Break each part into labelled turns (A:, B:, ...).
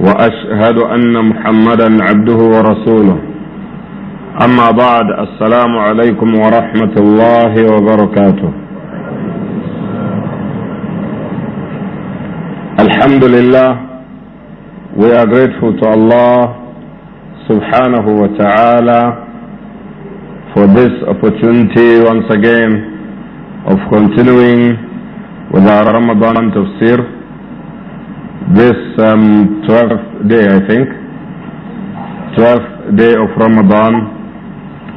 A: واشهد ان محمدا عبده ورسوله اما بعد السلام عليكم ورحمه الله وبركاته الحمد لله we are grateful to allah subhanahu wa ta'ala for this opportunity once again of continuing with our ramadan tafsir this um, 12th day, I think, 12th day of Ramadan,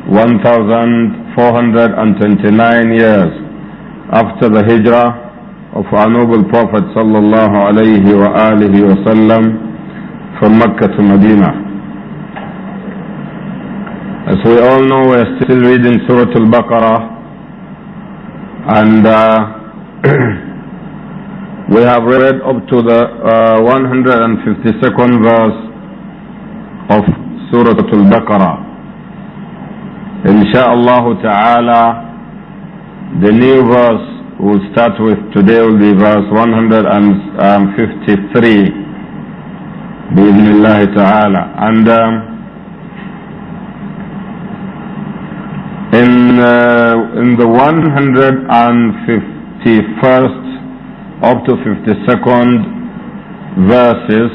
A: 1429 years after the hijrah of our noble Prophet sallallahu alayhi wa alihi wasallam from Mecca to Medina. As we all know, we are still reading Surah Al-Baqarah and uh, We have read up to the uh, 152nd verse of Surah Al-Baqarah. Insha'Allah ta'ala, the new verse will start with today will be verse 153. Bismillah الله and um, in, uh, in the 151st up to 52nd verses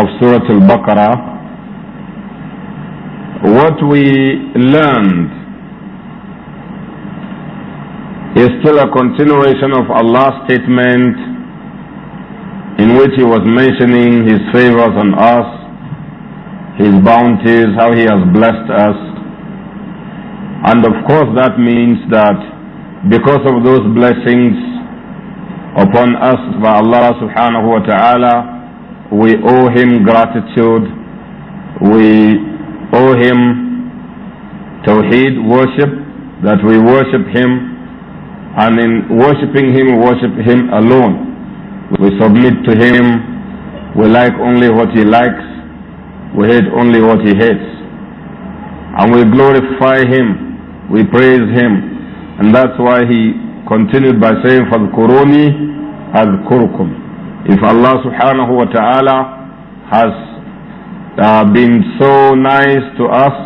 A: of Surah Al-Baqarah, what we learned is still a continuation of Allah's statement in which He was mentioning His favors on us, His bounties, how He has blessed us. And of course, that means that because of those blessings, upon us by Allah subhanahu wa ta'ala. We owe him gratitude. We owe him tawheed worship, that we worship him. And in worshipping him, we worship him alone. We submit to him. We like only what he likes. We hate only what he hates. And we glorify him. We praise him. And that's why he continued by saying, فَاذْكُرُونِي أَذْكُرُكُمْ If Allah subhanahu wa ta'ala has uh, been so nice to us,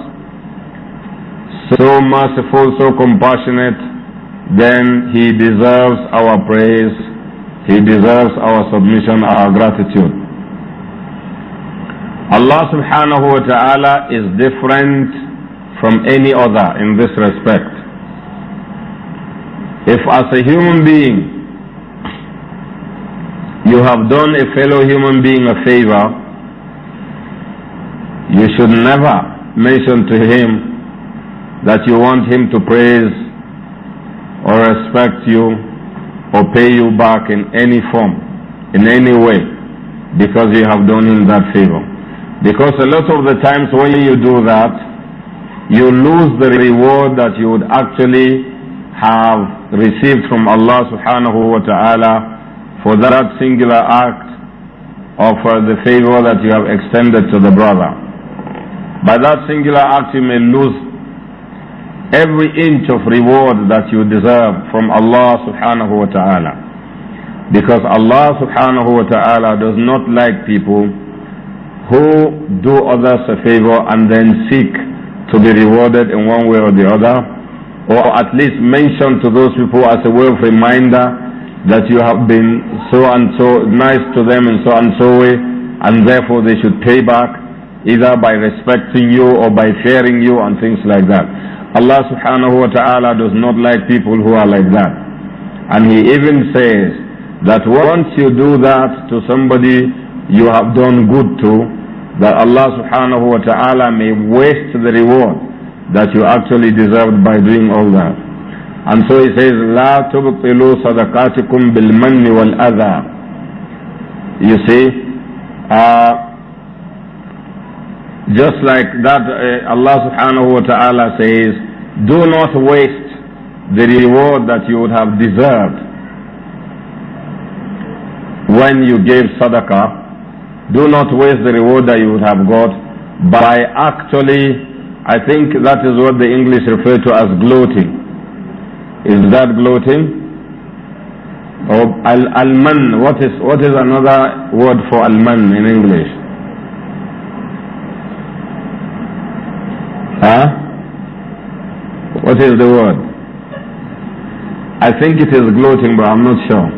A: so merciful, so compassionate, then He deserves our praise, He deserves our submission, our gratitude. Allah subhanahu wa ta'ala is different from any other in this respect. If as a human being you have done a fellow human being a favor, you should never mention to him that you want him to praise or respect you or pay you back in any form, in any way, because you have done him that favor. Because a lot of the times when you do that, you lose the reward that you would actually have received from Allah subhanahu wa ta'ala for that singular act of for the favor that you have extended to the brother. By that singular act you may lose every inch of reward that you deserve from Allah subhanahu wa ta'ala. Because Allah subhanahu wa ta'ala does not like people who do others a favor and then seek to be rewarded in one way or the other or at least mention to those people as a way of reminder that you have been so and so nice to them in so and so way, and therefore they should pay back either by respecting you or by fearing you and things like that. Allah subhanahu wa ta'ala does not like people who are like that. And He even says that once you do that to somebody you have done good to, that Allah subhanahu wa ta'ala may waste the reward that you actually deserved by doing all that. And so he says, لا تبطلوا صدقاتكم بالمن والأذى. You see, uh, just like that uh, Allah subhanahu wa ta'ala says, do not waste the reward that you would have deserved when you gave sadaqah. Do not waste the reward that you would have got by actually I think that is what the English refer to as gloating. Is that gloating? Or al alman? What is what is another word for alman in English? Huh? What is the word? I think it is gloating, but I'm not sure.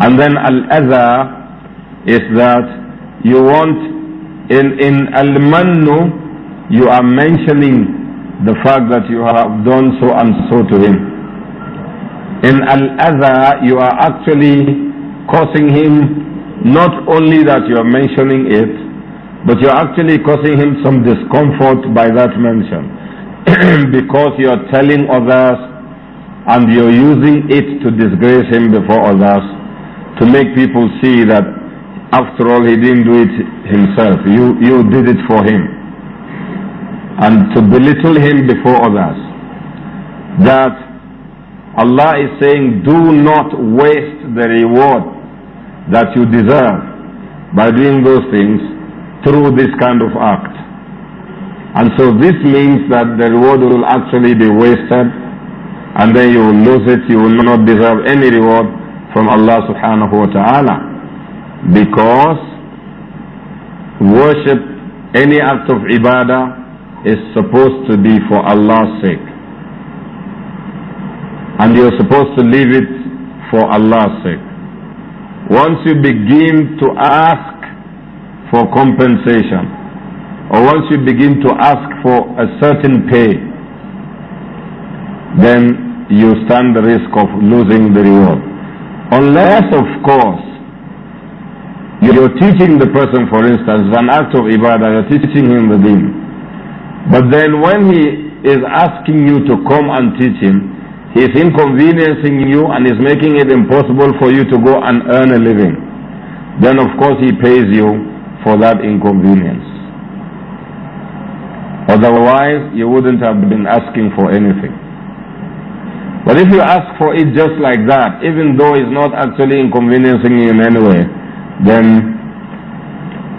A: And then al-adha is that you want in in al-mannu you are mentioning the fact that you have done so and so to him. In al azhar you are actually causing him not only that you are mentioning it, but you are actually causing him some discomfort by that mention. because you are telling others and you're using it to disgrace him before others, to make people see that after all he didn't do it himself, you, you did it for him and to belittle him before others. That Allah is saying, do not waste the reward that you deserve by doing those things through this kind of act. And so this means that the reward will actually be wasted and then you will lose it, you will not deserve any reward from Allah subhanahu wa ta'ala. Because worship, any act of ibadah, is supposed to be for Allah's sake. And you're supposed to leave it for Allah's sake. Once you begin to ask for compensation, or once you begin to ask for a certain pay, then you stand the risk of losing the reward. Unless, of course, you're teaching the person, for instance, an act of ibadah, you're teaching him the deen. But then when he is asking you to come and teach him, he is inconveniencing you and is making it impossible for you to go and earn a living. Then of course he pays you for that inconvenience. Otherwise, you wouldn't have been asking for anything. But if you ask for it just like that, even though it's not actually inconveniencing you in any way, then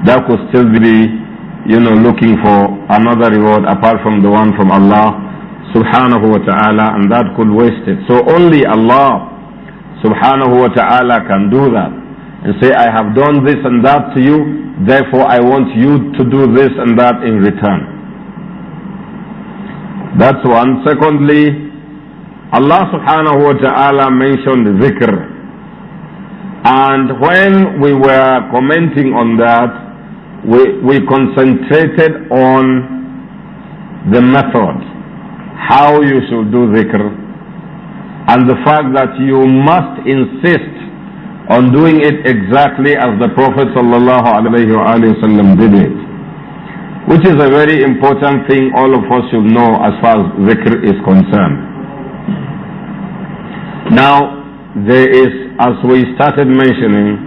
A: that could still be you know, looking for another reward apart from the one from Allah subhanahu wa ta'ala and that could waste it. So only Allah subhanahu wa ta'ala can do that and say, I have done this and that to you, therefore I want you to do this and that in return. That's one. Secondly, Allah subhanahu wa ta'ala mentioned zikr. And when we were commenting on that, we, we concentrated on the method, how you should do dhikr, and the fact that you must insist on doing it exactly as the Prophet ﷺ did it. Which is a very important thing all of us should know as far as dhikr is concerned. Now, there is, as we started mentioning,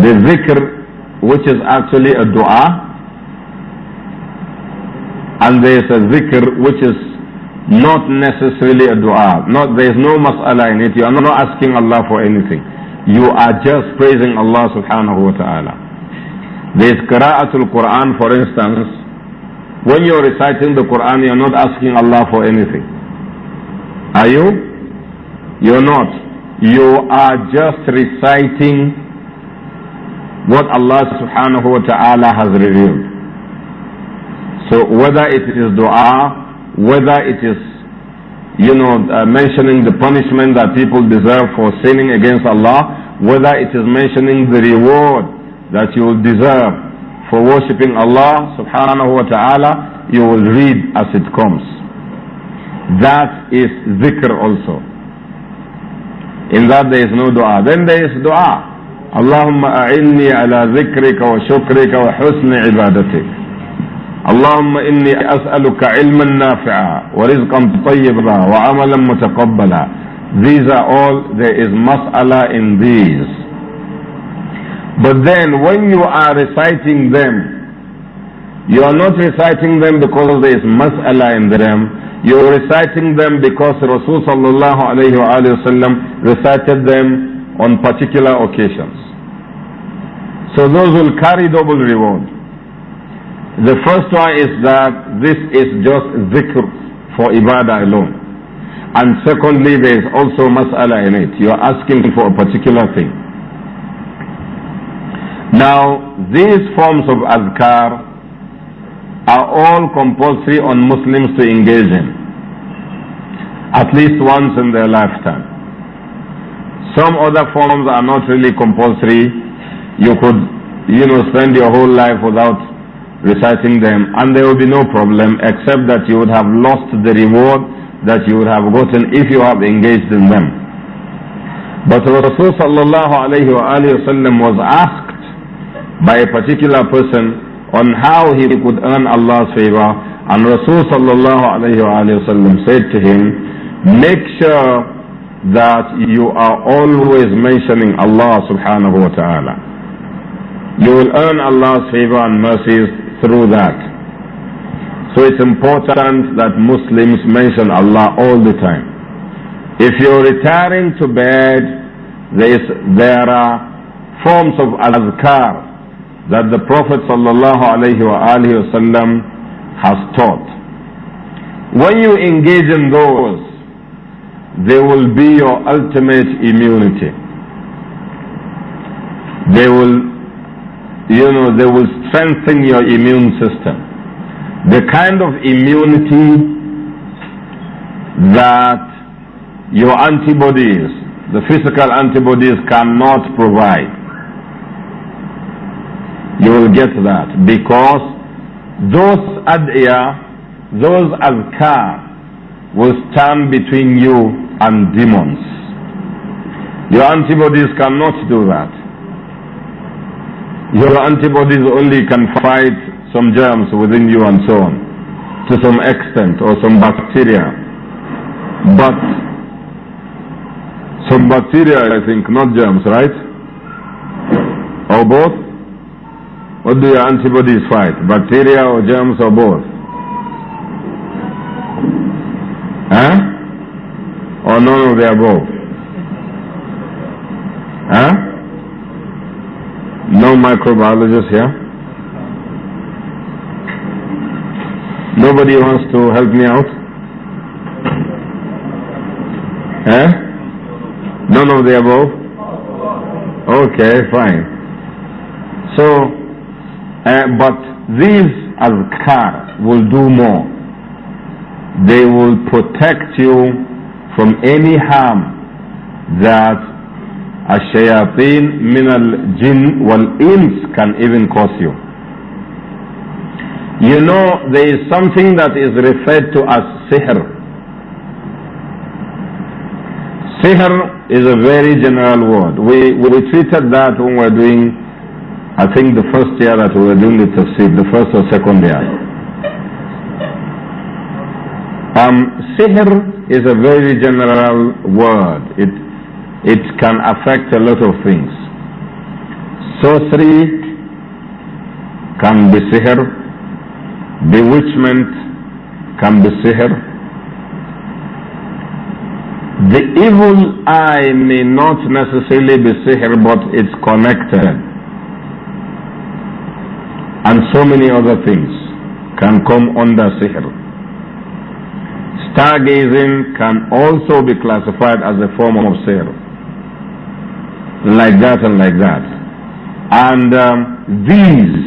A: the dhikr which is actually a dua, and there is a zikr, which is not necessarily a dua. Not, there is no mas'ala in it. You are not asking Allah for anything. You are just praising Allah subhanahu wa ta'ala. There is qira'atul Quran, for instance. When you are reciting the Quran, you are not asking Allah for anything. Are you? You're not. You are just reciting what Allah subhanahu wa ta'ala has revealed. So whether it is dua, whether it is, you know, uh, mentioning the punishment that people deserve for sinning against Allah, whether it is mentioning the reward that you will deserve for worshipping Allah subhanahu wa ta'ala, you will read as it comes. That is zikr also. In that there is no dua. Then there is dua. اللهم أعني على ذكرك وشكرك وحسن عبادتك اللهم إني أسألك علما نافعا ورزقا طيبا وعملا متقبلا These are all, there is mas'ala in these. But then when you are reciting them, you are not reciting them because there is mas'ala in them. You are reciting them because Rasul sallallahu alayhi wa sallam recited them on particular occasions. So those will carry double reward. The first one is that this is just dhikr for ibadah alone. And secondly, there is also mas'ala in it. You are asking for a particular thing. Now, these forms of azkar are all compulsory on Muslims to engage in, at least once in their lifetime. Some other forms are not really compulsory. You could, you know, spend your whole life without reciting them and there will be no problem except that you would have lost the reward that you would have gotten if you have engaged in them. But Rasul sallallahu alayhi wa was asked by a particular person on how he could earn Allah's favor and Rasul sallallahu alayhi wa said to him, make sure that you are always mentioning Allah subhanahu wa ta'ala. You will earn Allah's favor and mercies through that. So it's important that Muslims mention Allah all the time. If you're retiring to bed, there, is, there are forms of azkar that the Prophet sallallahu has taught. When you engage in those, they will be your ultimate immunity. They will, you know, they will strengthen your immune system. The kind of immunity that your antibodies, the physical antibodies cannot provide. You will get that because those adya, those azkar will stand between you and demons. Your antibodies cannot do that. Your antibodies only can fight some germs within you and so on, to some extent, or some bacteria. But some bacteria, I think, not germs, right? Or both? What do your antibodies fight? Bacteria or germs or both? or none of the above? Huh? No microbiologist here? Nobody wants to help me out? Huh? None of the above? Okay, fine. So, uh, but these azkar will do more. They will protect you from any harm that a shayateen min al-jinn wal-ins can even cause you. You know, there is something that is referred to as sihr. Sihr is a very general word. We, we treated that when we were doing, I think the first year that we were doing the tafsir, the first or second year. Um, sihr is a very general word. It, it can affect a lot of things. Sorcery can be sihr. Bewitchment can be sihr. The evil eye may not necessarily be sihr, but it's connected. And so many other things can come under sihr stargazing can also be classified as a form of sale. Like that and like that. And um, these,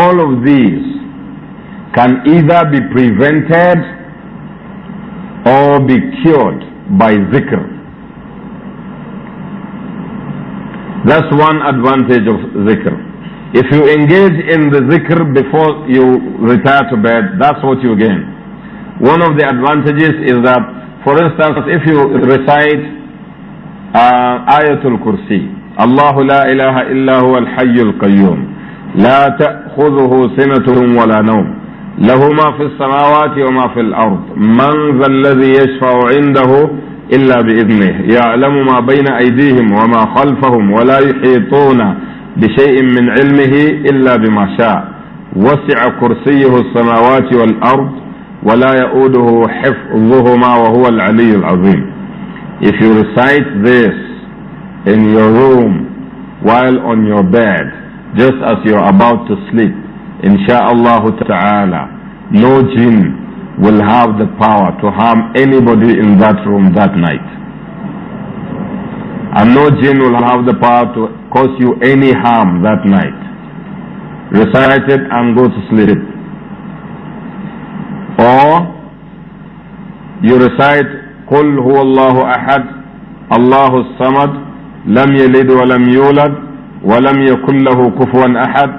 A: all of these, can either be prevented or be cured by zikr. That's one advantage of zikr. If you engage in the zikr before you retire to bed, that's what you gain. One of the advantages is that, for instance, if you recite uh, Ayatul Kursi, الله لا إله إلا هو الحي القيوم لا تأخذه سنة ولا نوم له ما في السماوات وما في الأرض من ذا الذي يشفع عنده إلا بإذنه يعلم ما بين أيديهم وما خلفهم ولا يحيطون بشيء من علمه إلا بما شاء وسع كرسيه السماوات والأرض ولا حفظهما وهو العلي العظيم if you recite this in your room while on your bed just as you're about to sleep insha'Allah ta'ala no jinn will have the power to harm anybody in that room that night and no jinn will have the power to cause you any harm that night recite it and go to sleep Or you recite قل هو الله أحد الله الصمد لم يلد ولم يولد ولم يكن له كفوا أحد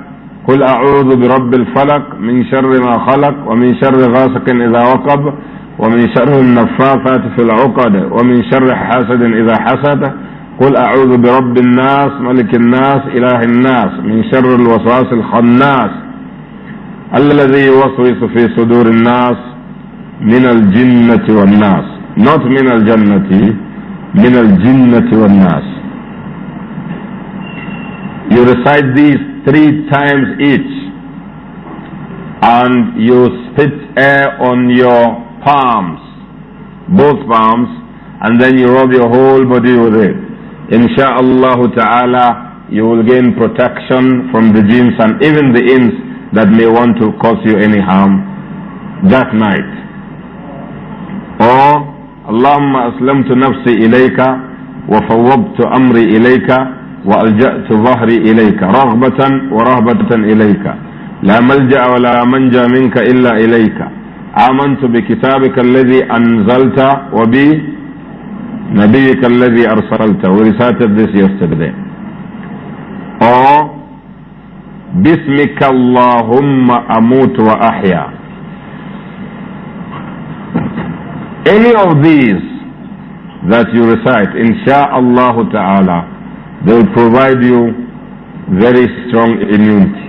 A: قل أعوذ برب الفلق من شر ما خلق ومن شر غاسق إذا وقب ومن شر النفاثات في العقد ومن شر حاسد إذا حسد قل أعوذ برب الناس ملك الناس إله الناس من شر الوسواس الخناس الذي يوسوس في صدور الناس من الجنة والناس not من الجنة من الجنة والناس You recite these three times each and you spit air on your palms, both palms, and then you rub your whole body with it. Insha'Allah ta'ala, you will gain protection from the jinns and even the inns that may want to cause you any harm that night. Or, Allahumma aslamtu nafsi ilayka wa fawwabtu amri ilayka wa alja'tu zahri ilayka raghbatan wa rahbatan ilayka. La malja'a wa la manja minka illa ilayka. آمنت بكتابك الذي أنزلت وب نبيك الذي أرسلت recited this yesterday. Oh. باسمك اللهم أموت وأحيا any of these that you recite insha'Allah ta'ala they will provide you very strong immunity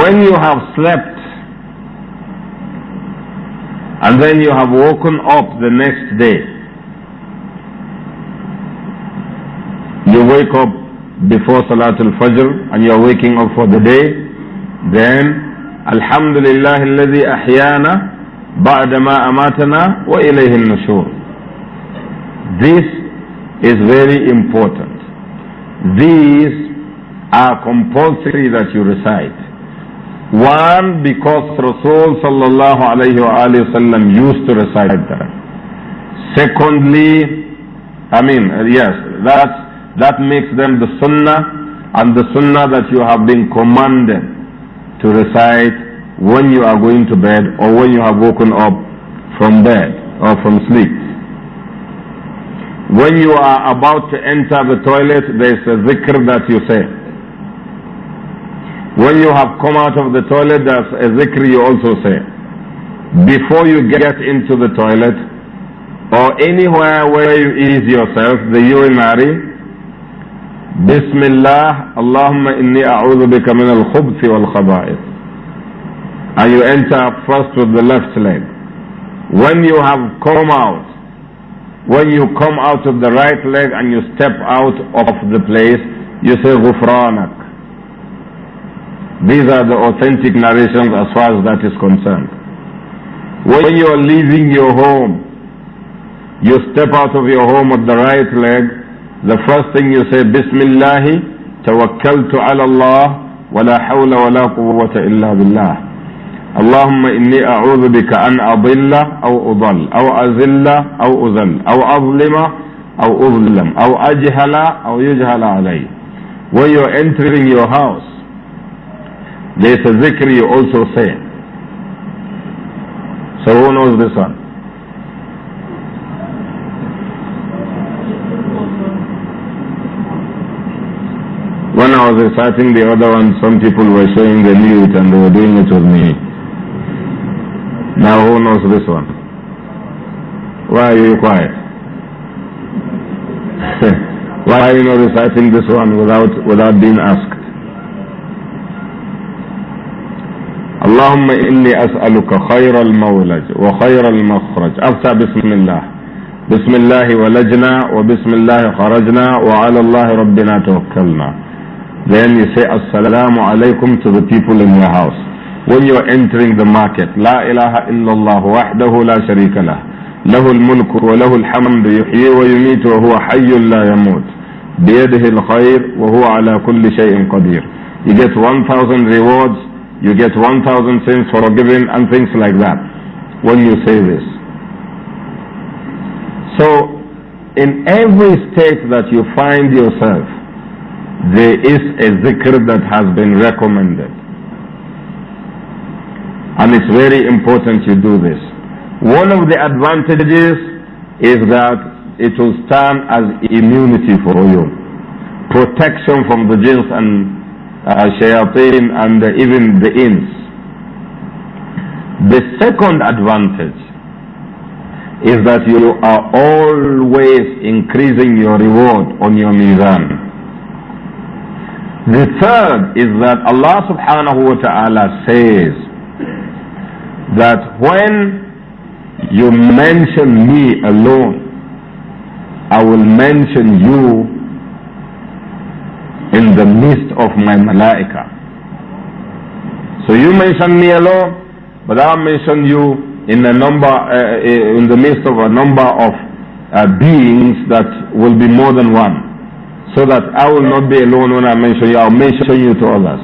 A: when you have slept and then you have woken up the next day you wake up before Salatul Fajr and you are waking up for the day, then Alhamdulillah الذي أحيانا بعدما أماتنا وإليه النشور. This is very important. These are compulsory that you recite. One, because Rasul sallallahu alayhi wa used to recite them. Secondly, I mean, yes, that's that makes them the sunnah and the sunnah that you have been commanded to recite when you are going to bed or when you have woken up from bed or from sleep. When you are about to enter the toilet, there is a zikr that you say. When you have come out of the toilet, there's a zikr you also say. Before you get into the toilet or anywhere where you ease yourself, the urinary, بسم الله اللهم إني أعوذ بك من الخبث والخبائث and you enter first with the left leg when you have come out when you come out of the right leg and you step out of the place you say غفرانك these are the authentic narrations as far as that is concerned when you are leaving your home you step out of your home with the right leg the first thing you say, Bismillahi, tawakkaltu ala Allah, Wala hawla Wala quwwata illa billah. Allahumma inni a'udhu bika an أضل أو أضل أو أذل أو أذل أو أظلم أو أظلم أو أجهل أو يجهل علي. When you're entering your house, there's a zikr you also say. So who knows this one? I was reciting the other one, some people were saying they knew it and they were doing it with me. Now who knows this one? Why are you quiet? Why are you not reciting this one without, without being asked? Allāhumma inni اللهم إني أسألك خير المولج وخير المخرج أفتح بسم الله بسم الله ولجنا وبسم الله خرجنا وعلى الله ربنا توكلنا then you say Assalamu alaykum to the people in your house. When you're entering the market, La ilaha illallah wahdahu la sharika lah. له الملك وله الحمد يحيي ويميت وهو حي لا يموت بيده الخير وهو على كل شيء قدير You get 1000 rewards, you get 1000 sins for forgiven and things like that when you say this. So in every state that you find yourself, there is a zikr that has been recommended. And it's very important you do this. One of the advantages is that it will stand as immunity for you. Protection from the jinns and uh, shayateen and uh, even the ins. The second advantage is that you are always increasing your reward on your mizan. The third is that Allah subhanahu wa ta'ala says that when you mention me alone, I will mention you in the midst of my malaika. So you mention me alone, but I'll mention you in a number, uh, uh, in the midst of a number of uh, beings that will be more than one so that I will not be alone when I mention you. I'll mention you to others.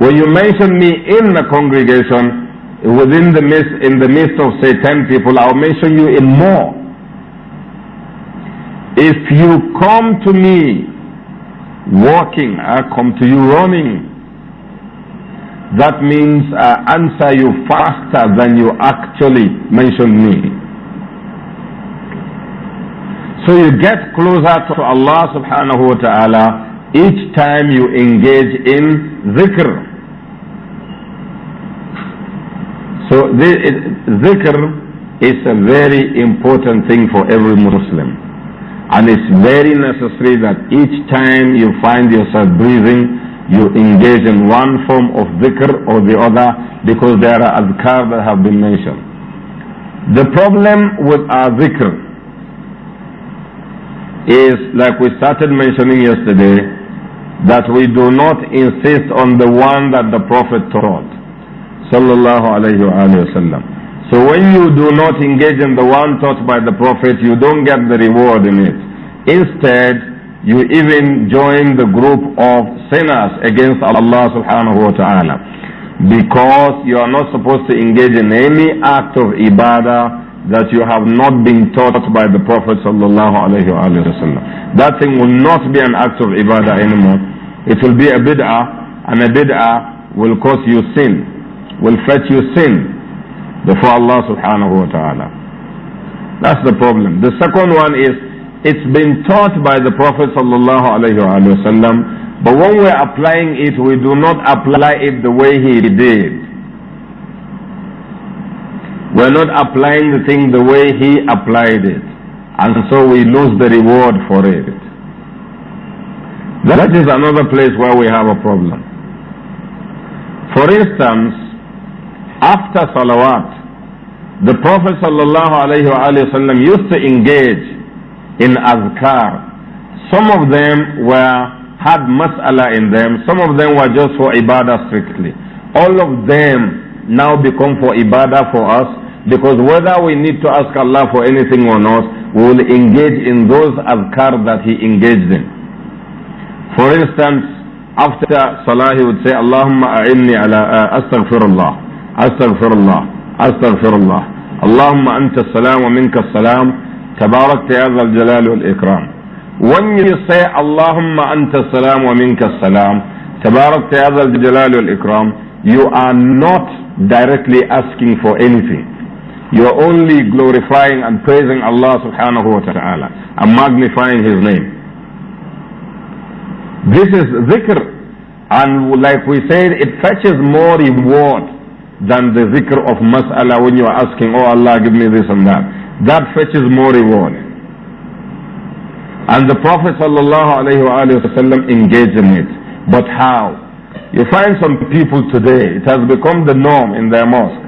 A: When you mention me in the congregation, within the midst, in the midst of say ten people, I'll mention you in more. If you come to me walking, I come to you running. That means I answer you faster than you actually mention me. So you get closer to Allah subhanahu wa ta'ala each time you engage in dhikr. So this, dhikr is a very important thing for every Muslim. And it's very necessary that each time you find yourself breathing, you engage in one form of dhikr or the other because there are adhkar that have been mentioned. The problem with our dhikr is, like we started mentioning yesterday, that we do not insist on the one that the Prophet taught. Sallallahu alayhi wa So when you do not engage in the one taught by the Prophet, you don't get the reward in it. Instead, you even join the group of sinners against Allah subhanahu wa ta'ala. Because you are not supposed to engage in any act of ibadah that you have not been taught by the Prophet sallallahu That thing will not be an act of ibadah anymore. It will be a bid'ah, and a bid'ah will cause you sin, will fetch you sin before Allah subhanahu wa ta'ala. That's the problem. The second one is, it's been taught by the Prophet sallallahu but when we're applying it, we do not apply it the way he did. We're not applying the thing the way he applied it. And so we lose the reward for it. That is another place where we have a problem. For instance, after salawat, the Prophet ﷺ used to engage in azkar. Some of them were had mas'ala in them, some of them were just for ibadah strictly. All of them now become for ibadah for us because whether we need to ask Allah for anything or not, we will engage in those azkar that He engaged in. For instance, after Salah, He would say, Allahumma a'inni ala uh, astaghfirullah, astaghfirullah, astaghfirullah. Allahumma anta salam wa minka salam, tabarak ya al jalal wal ikram. When you say, Allahumma anta salam wa minka salam, tabarak ya al jalal wal ikram, you are not directly asking for anything you are only glorifying and praising Allah subhanahu wa ta'ala and magnifying His name. This is zikr, and like we said, it fetches more reward than the zikr of mas'ala when you are asking, Oh Allah, give me this and that. That fetches more reward. And the Prophet sallallahu alayhi wa engaged in it. But how? You find some people today, it has become the norm in their mosque.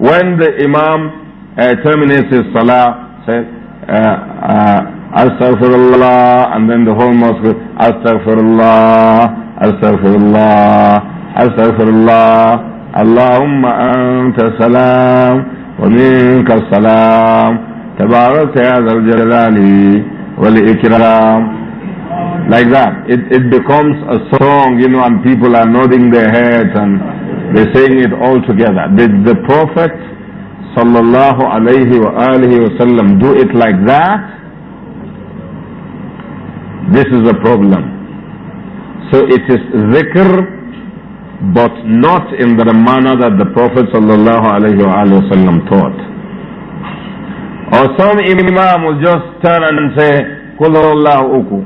A: When the Imam uh, terminates his salah, says, uh, uh, Astaghfirullah, and then the whole mosque goes, Astaghfirullah, Astaghfirullah, Astaghfirullah, اللهم wa السلام ومنك السلام تبارك يا ذا الجلال ikram." like that. It, it becomes a song, you know, and people are nodding their heads and they're saying it all together. Did the Prophet sallallahu alayhi wa alihi wasallam do it like that, this is a problem. So it is zikr, but not in the manner that the Prophet sallallahu alayhi wa sallam taught. Or some imam will just turn and say, قل الله أكو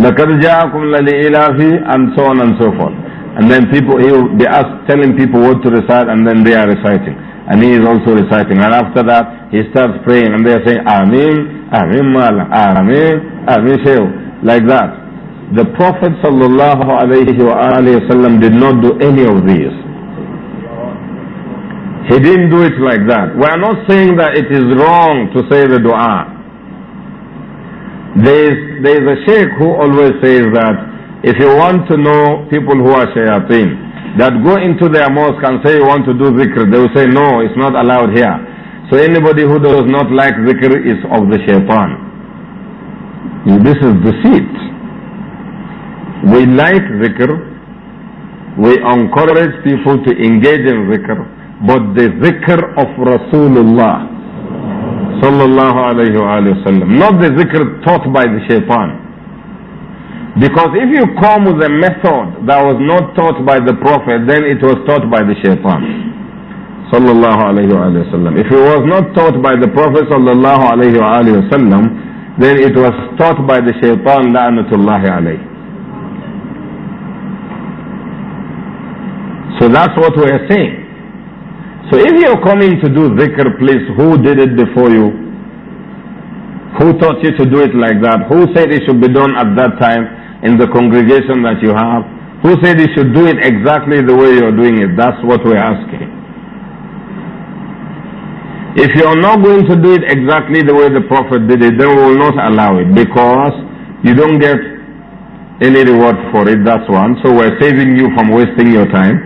A: لقد جاءكم للإلاف and so on and so forth. And then people, he will be asked, telling people what to recite and then they are reciting. And he is also reciting. And after that, he starts praying and they are saying, Ameen, Ameen Mala, Ameen, Ameen Shew. Like that. The Prophet sallallahu alayhi wasallam did not do any of these. He didn't do it like that. We are not saying that it is wrong to say the dua. There is, there is a sheikh who always says that if you want to know people who are shayateen, that go into their mosque and say you want to do zikr, they will say, no, it's not allowed here. So anybody who does not like zikr is of the shaitan. This is deceit. We like zikr. We encourage people to engage in zikr. But the zikr of Rasulullah sallallahu alayhi wa sallam, not the zikr taught by the shaitan. Because if you come with a method that was not taught by the Prophet, then it was taught by the shaitan. Sallallahu alayhi wa If it was not taught by the Prophet sallallahu alayhi wa sallam, then it was taught by the shaitan la'natullahi alayhi. So that's what we are saying. So if you're coming to do dhikr, please, who did it before you? Who taught you to do it like that? Who said it should be done at that time? in the congregation that you have? Who said you should do it exactly the way you're doing it? That's what we're asking. If you're not going to do it exactly the way the Prophet did it, then we will not allow it because you don't get any reward for it, that's one. So we're saving you from wasting your time.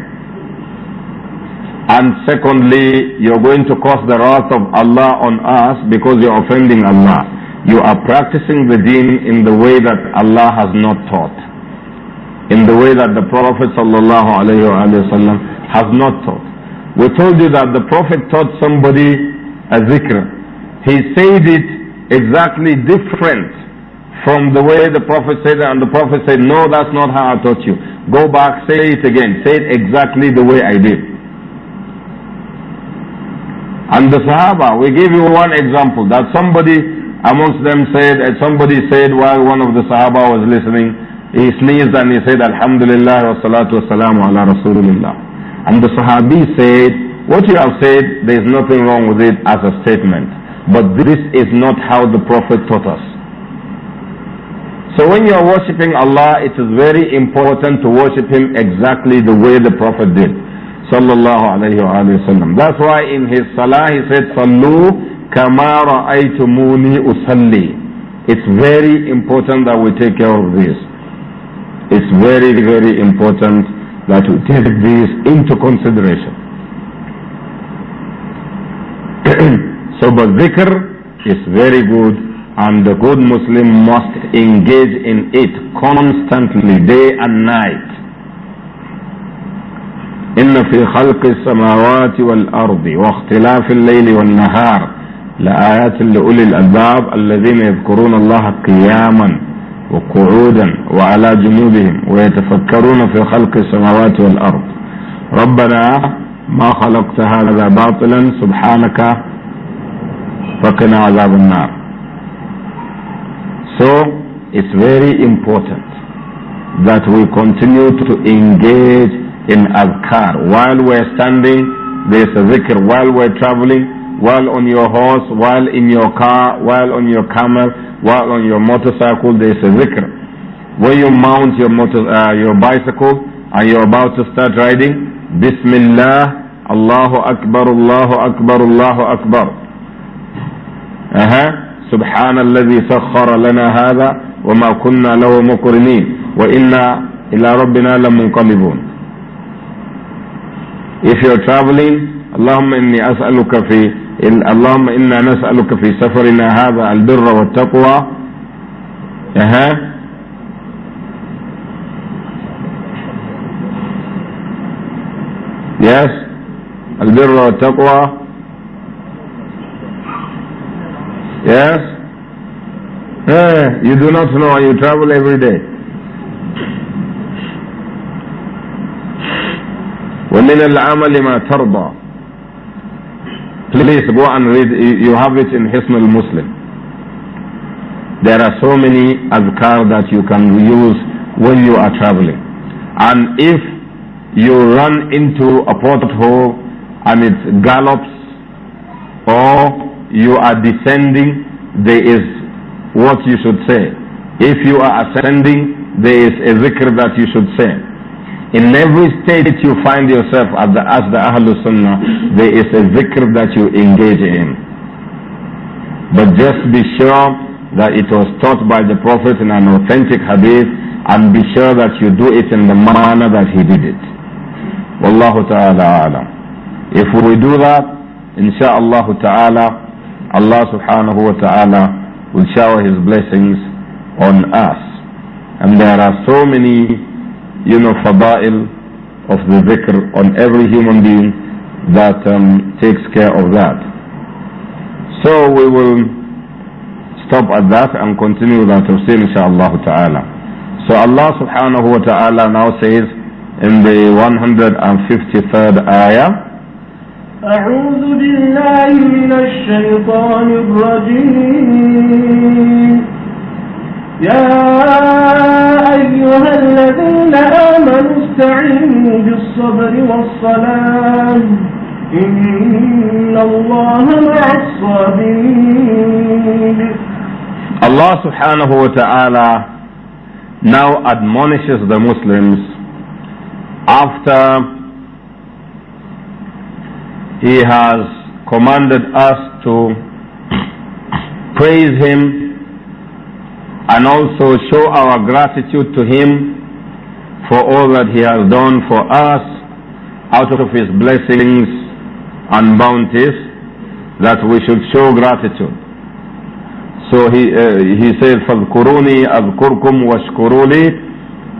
A: And secondly, you're going to cause the wrath of Allah on us because you're offending Allah you are practicing the deen in the way that Allah has not taught, in the way that the Prophet has not taught. We told you that the Prophet taught somebody a zikr. He said it exactly different from the way the Prophet said it, and the Prophet said, No, that's not how I taught you. Go back, say it again. Say it exactly the way I did. And the Sahaba, we gave you one example that somebody Amongst them said, uh, somebody said while one of the Sahaba was listening, he sneezed and he said, Alhamdulillah wa salatu wa salamu ala Rasulullah. And the Sahabi said, what you have said, there is nothing wrong with it as a statement. But this is not how the Prophet taught us. So when you are worshipping Allah, it is very important to worship Him exactly the way the Prophet did. Sallallahu alayhi wa That's why in his salah he said, Sallu Kamara aitumuni usalli. It's very important that we take care of this. It's very, very important that we take this into consideration. so, but dhikr is very good and the good Muslim must engage in it constantly, day and night. إن في خلق السماوات والأرض واختلاف الليل والنهار لآيات لأولي الألباب الذين يذكرون الله قياما وقعودا وعلى جنوبهم ويتفكرون في خلق السماوات والأرض ربنا ما خلقت هذا باطلا سبحانك فقنا عذاب النار So it's very important that we continue to engage in adhkar while we're standing there's a zikr while we're traveling while on your horse, while in your car, while on your camel, while on your motorcycle, there is a zikr. When you mount your, motor, uh, your bicycle and you're about to start riding, Bismillah, Allahu Akbar, Allahu Akbar, Allahu Akbar. Uh-huh. سبحان الذي سخر لنا هذا وما كنا له مقرنين وإنا إلى ربنا لمنقلبون If you're traveling, اللهم إني أسألك في اللهم إنا نسألك في سفرنا هذا البر والتقوى أها يس البر والتقوى يس ايه eh, you do not know you travel every day ومن العمل ما ترضى Please go and read, you have it in Hisn muslim There are so many azkar that you can use when you are traveling. And if you run into a pothole and it gallops, or you are descending, there is what you should say. If you are ascending, there is a zikr that you should say. In every state you find yourself as the, as the Ahlul Sunnah, there is a zikr that you engage in. But just be sure that it was taught by the Prophet in an authentic hadith and be sure that you do it in the manner that he did it. Wallahu ta'ala alam. If we do that, insha'Allah ta'ala, Allah subhanahu wa ta'ala will shower his blessings on us. And there are so many you know, fada'il of the dhikr on every human being that um, takes care of that. So we will stop at that and continue that tafsir inshaAllah ta'ala. So Allah subhanahu wa ta'ala now says in the 153rd ayah, أعوذ بالله من الشيطان الرجيم يا أيها الذين آمنوا استعينوا بالصبر والصلاة إن الله مع الصابرين Allah subhanahu wa ta'ala now admonishes the Muslims after he has commanded us to praise him and also show our gratitude to Him for all that He has done for us out of His blessings and bounties, that we should show gratitude. So He, uh, he said, فَاذْكُرُونِي أَذْكُرْكُمْ وَاشْكُرُوا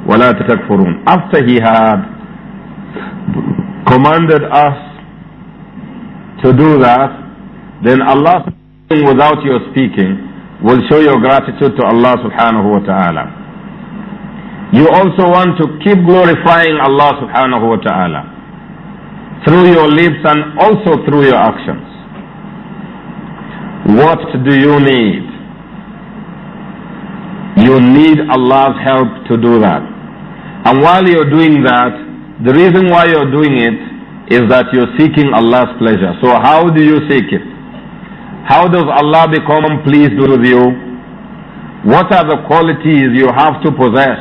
A: وَلَا تَكْفُرُونَ After He had commanded us to do that, then Allah without your speaking will show your gratitude to Allah subhanahu wa ta'ala. You also want to keep glorifying Allah subhanahu wa ta'ala through your lips and also through your actions. What do you need? You need Allah's help to do that. And while you're doing that, the reason why you're doing it is that you're seeking Allah's pleasure. So how do you seek it? How does Allah become pleased with you? What are the qualities you have to possess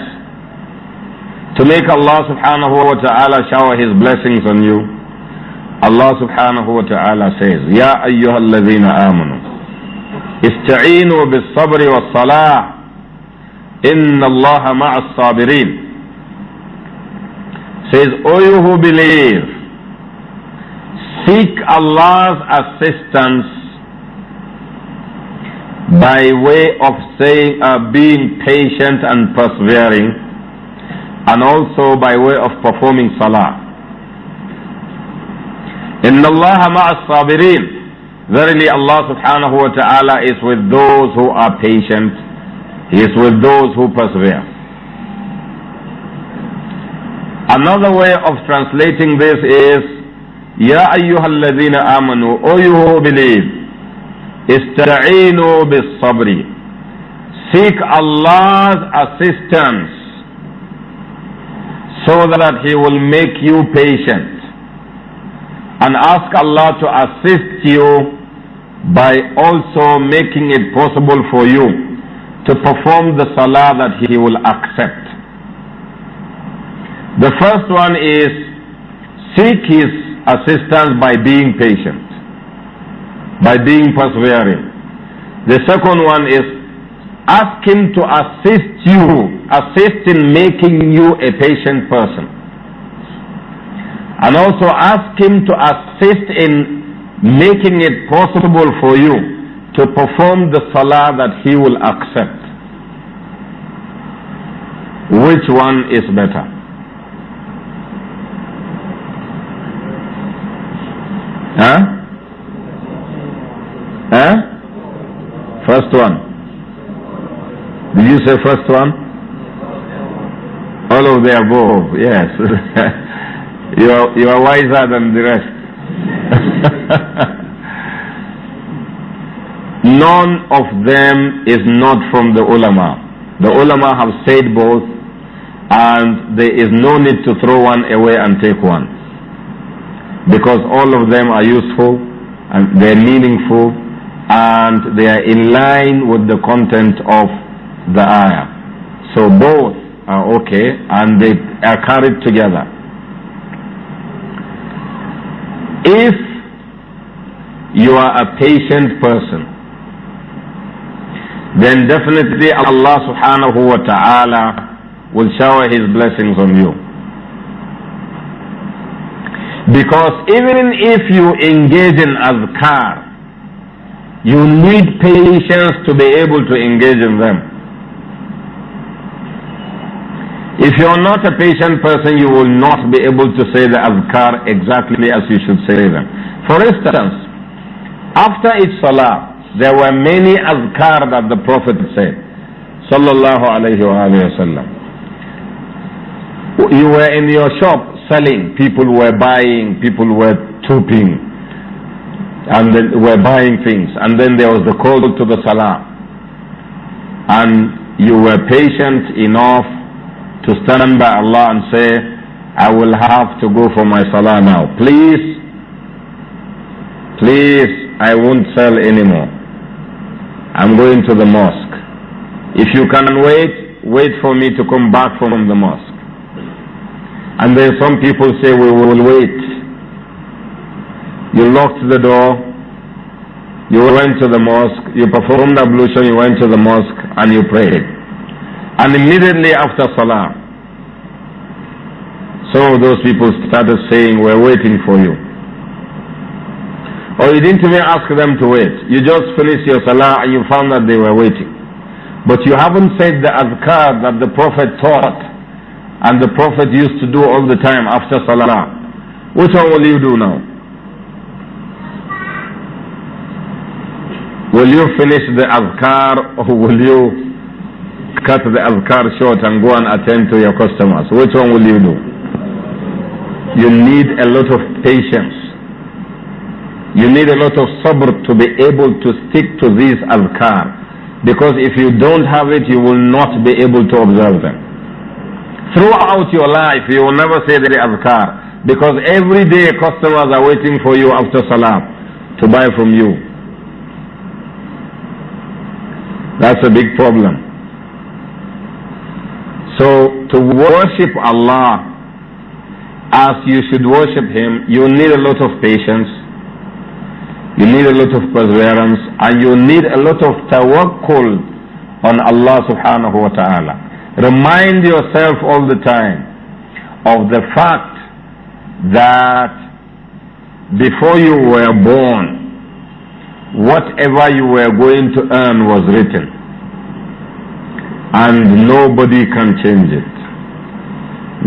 A: to make Allah subhanahu wa ta'ala shower His blessings on you? Allah subhanahu wa ta'ala says, Ya ayyuha alladhina amanu, ista'inu bis sabri was salah, inna Allah ma'as sabirin. Says, O you who believe, seek Allah's assistance by way of saying, uh, being patient and persevering, and also by way of performing salah. Inna Allaha ma'as sabirin. Verily Allah subhanahu wa ta'ala is with those who are patient. He is with those who persevere. Another way of translating this is, Ya ayyuhal الَّذِينَ amanu, O you who believe, Seek Allah's assistance so that He will make you patient. And ask Allah to assist you by also making it possible for you to perform the salah that He will accept. The first one is seek His assistance by being patient by being persevering. The second one is ask Him to assist you, assist in making you a patient person. And also ask Him to assist in making it possible for you to perform the salah that He will accept. Which one is better? Huh? Huh? First one. Did you say first one? All of the above, yes. you, are, you are wiser than the rest. None of them is not from the ulama. The ulama have said both, and there is no need to throw one away and take one. Because all of them are useful and they're meaningful and they are in line with the content of the ayah. So both are okay and they are carried together. If you are a patient person, then definitely Allah subhanahu wa ta'ala will shower His blessings on you. Because even if you engage in azkar, you need patience to be able to engage in them. If you're not a patient person, you will not be able to say the azkar exactly as you should say them. For instance, after each salah, there were many azkar that the Prophet said. Sallallahu alayhi wa You were in your shop selling, people were buying, people were tooping and then were buying things. And then there was the call to the salah. And you were patient enough to stand by Allah and say, I will have to go for my salah now. Please, please, I won't sell anymore. I'm going to the mosque. If you can wait, wait for me to come back from the mosque. And then some people say, we will wait. You locked the door, you went to the mosque, you performed ablution, you went to the mosque and you prayed. And immediately after Salah, some of those people started saying, We're waiting for you. Or you didn't even ask them to wait. You just finished your salah and you found that they were waiting. But you haven't said the azkar that the Prophet taught and the Prophet used to do all the time after salah. Which one will you do now? Will you finish the azkar or will you cut the azkar short and go and attend to your customers? Which one will you do? You need a lot of patience. You need a lot of sabr to be able to stick to these azkar. Because if you don't have it, you will not be able to observe them. Throughout your life, you will never say the azkar. Because every day customers are waiting for you after salam to buy from you. That's a big problem. So to worship Allah as you should worship Him, you need a lot of patience, you need a lot of perseverance, and you need a lot of tawakkul on Allah subhanahu wa ta'ala. Remind yourself all the time of the fact that before you were born, whatever you were going to earn was written and nobody can change it.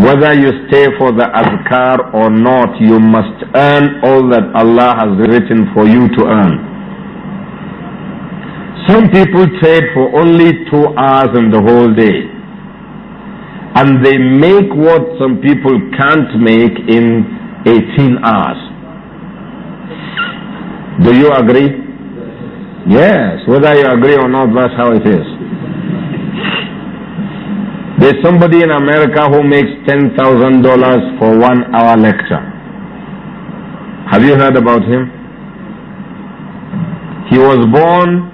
A: Whether you stay for the azkar or not, you must earn all that Allah has written for you to earn. Some people trade for only two hours in the whole day. And they make what some people can't make in 18 hours. Do you agree? Yes, whether you agree or not, that's how it is. There's somebody in America who makes $10,000 for one hour lecture. Have you heard about him? He was born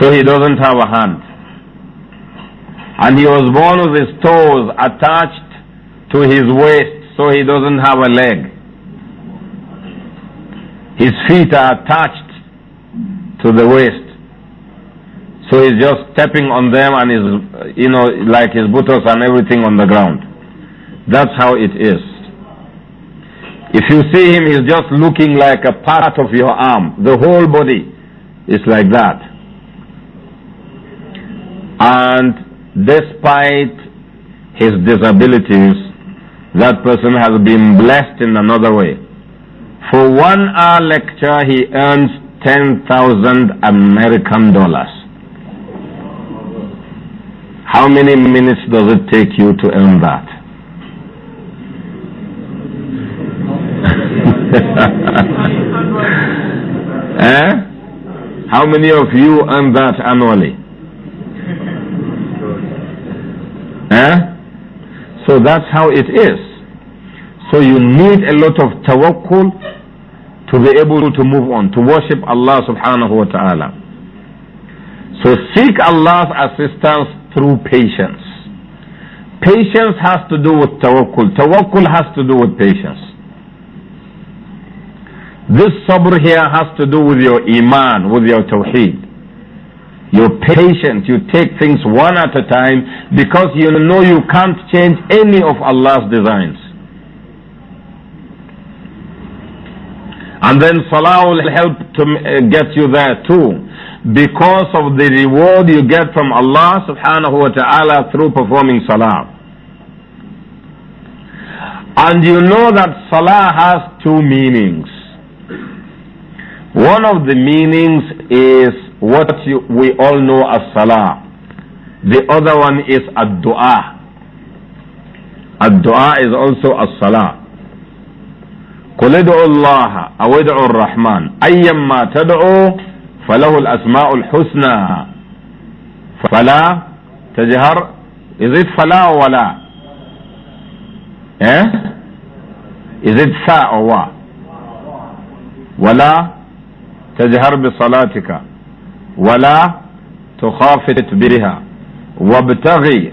A: so he doesn't have a hand. And he was born with his toes attached to his waist so he doesn't have a leg. His feet are attached to the waist. So he's just stepping on them and is, you know, like his buttocks and everything on the ground. That's how it is. If you see him, he's just looking like a part of your arm. The whole body is like that. And despite his disabilities, that person has been blessed in another way. For one hour lecture, he earns 10,000 American dollars. How many minutes does it take you to earn that? eh? How many of you earn that annually? Eh? So that's how it is. So you need a lot of tawakkul to be able to move on, to worship Allah subhanahu wa ta'ala. So seek Allah's assistance through patience. Patience has to do with tawakkul. Tawakkul has to do with patience. This sabr here has to do with your iman, with your tawheed. You're patient. You take things one at a time because you know you can't change any of Allah's designs. And then Salah will help to uh, get you there too. Because of the reward you get from Allah subhanahu wa ta'ala through performing Salah. And you know that Salah has two meanings. One of the meanings is what you, we all know as Salah. The other one is Ad-Dua. Ad-Dua is also as Salah. قل ادعوا الله أو ادعوا الرحمن أيما تدعوا فله الأسماء الحسنى فلا تجهر يزيد فلا ولا ايه يزيد it و ولا تجهر بصلاتك ولا تخافت بها وابتغي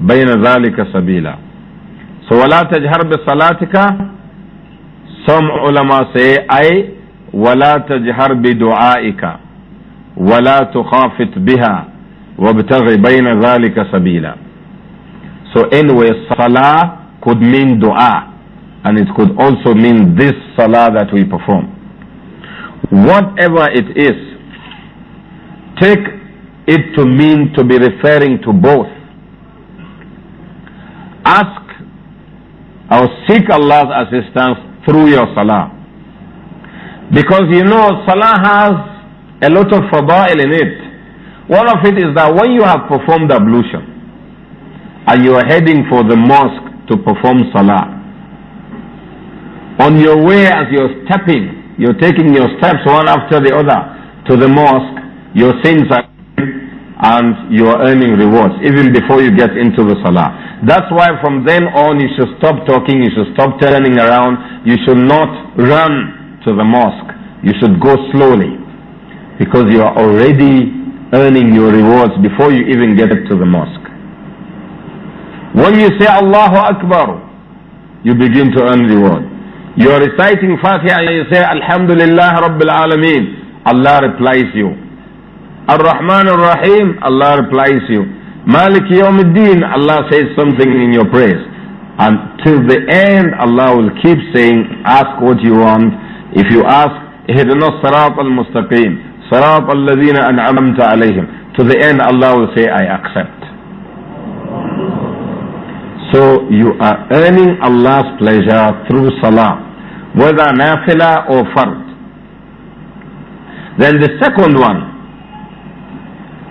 A: بين ذلك سبيلا سو ولا تجهر بصلاتك Some ulama say, I ولا تجهر بدعائك ولا تخافت بها وابتغ بين ذلك sabila So anyway, salah could mean dua and it could also mean this salah that we perform. Whatever it is, take it to mean to be referring to both. Ask or seek Allah's assistance through your salah. Because you know, salah has a lot of fada'il in it. One of it is that when you have performed ablution and you are heading for the mosque to perform salah, on your way as you're stepping, you're taking your steps one after the other to the mosque, your sins are and you are earning rewards even before you get into the salah. That's why from then on you should stop talking, you should stop turning around, you should not run to the mosque. You should go slowly because you are already earning your rewards before you even get to the mosque. When you say Allahu Akbar, you begin to earn reward. You are reciting Fatiha and you say Alhamdulillah Rabbil Alameen. Allah replies you. Ar-Rahman Ar-Rahim, Allah replies you. Malik Yawmiddin, Allah says something in your praise. Until the end, Allah will keep saying, ask what you want. If you ask, اهدنا الصراط المستقيم صراط الذين أنعمت عليهم To the end, Allah will say, I accept. So you are earning Allah's pleasure through salah, whether nafila or fard. Then the second one,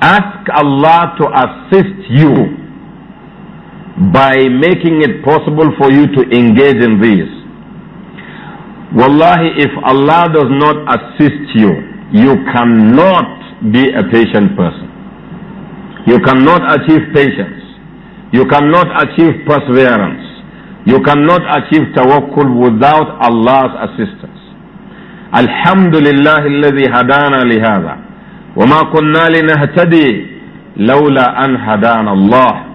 A: Ask Allah to assist you by making it possible for you to engage in these. Wallahi, if Allah does not assist you, you cannot be a patient person. You cannot achieve patience. You cannot achieve perseverance. You cannot achieve tawakkul without Allah's assistance. Alhamdulillah, الذي هدانا لهذا. وَمَا كُنَّا لِنَهْتَدِي لَوْلَا أَنْ هَدَانَ اللَّهِ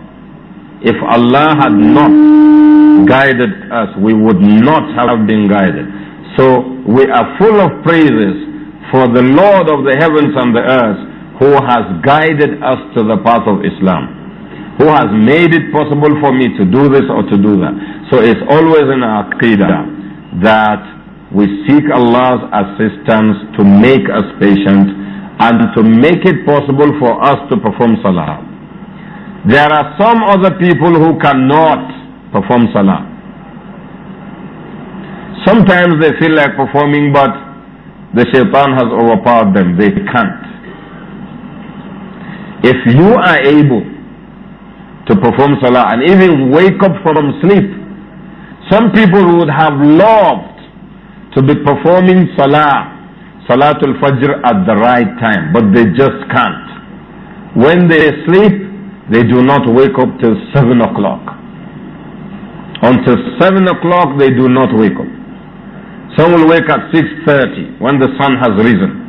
A: If Allah had not guided us, we would not have been guided. So we are full of praises for the Lord of the heavens and the earth who has guided us to the path of Islam, who has made it possible for me to do this or to do that. So it's always in our aqidah that we seek Allah's assistance to make us patient and to make it possible for us to perform salah. There are some other people who cannot perform salah. Sometimes they feel like performing, but the shaitan has overpowered them. They can't. If you are able to perform salah and even wake up from sleep, some people would have loved to be performing salah Salatul Fajr at the right time, but they just can't. When they sleep, they do not wake up till 7 o'clock. Until 7 o'clock, they do not wake up. Some will wake at 6.30 when the sun has risen.